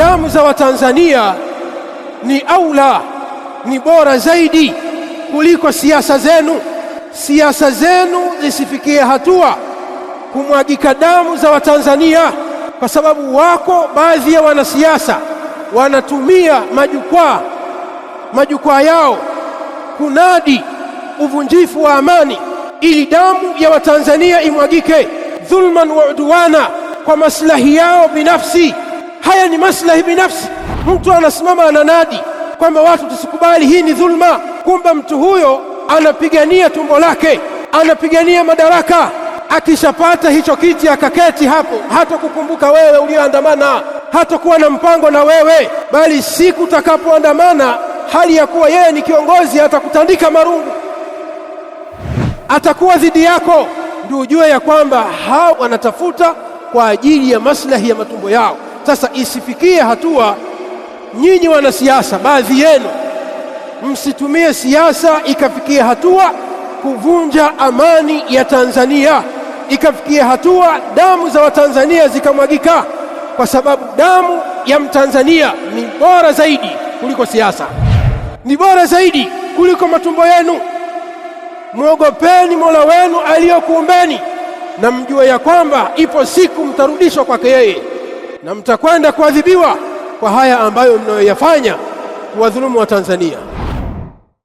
damu za Watanzania ni aula, ni bora zaidi kuliko siasa zenu. Siasa zenu zisifikie hatua kumwagika damu za Watanzania, kwa sababu wako baadhi ya wanasiasa wanatumia majukwaa majukwaa yao kunadi uvunjifu wa amani ili damu ya Watanzania imwagike dhulman wa udwana kwa maslahi yao binafsi haya ni maslahi binafsi. Mtu anasimama ananadi kwamba watu tusikubali, hii ni dhulma. Kumbe mtu huyo anapigania tumbo lake, anapigania madaraka. Akishapata hicho kiti akaketi hapo, kukumbuka wewe uliyoandamana, hatakuwa na mpango na wewe, bali siku utakapoandamana, hali ya kuwa yeye ni kiongozi, atakutandika marungu, atakuwa dhidi yako. Ndio ujue ya kwamba hao wanatafuta kwa ajili ya maslahi ya matumbo yao. Sasa isifikie hatua nyinyi wanasiasa, baadhi yenu msitumie siasa ikafikia hatua kuvunja amani ya Tanzania, ikafikia hatua damu za Watanzania zikamwagika, kwa sababu damu ya Mtanzania ni bora zaidi kuliko siasa, ni bora zaidi kuliko matumbo yenu. Mwogopeni Mola wenu aliyokuumbeni na mjue ya kwamba ipo siku mtarudishwa kwake yeye na mtakwenda kuadhibiwa kwa haya ambayo mnayoyafanya kuwadhulumu wa Tanzania.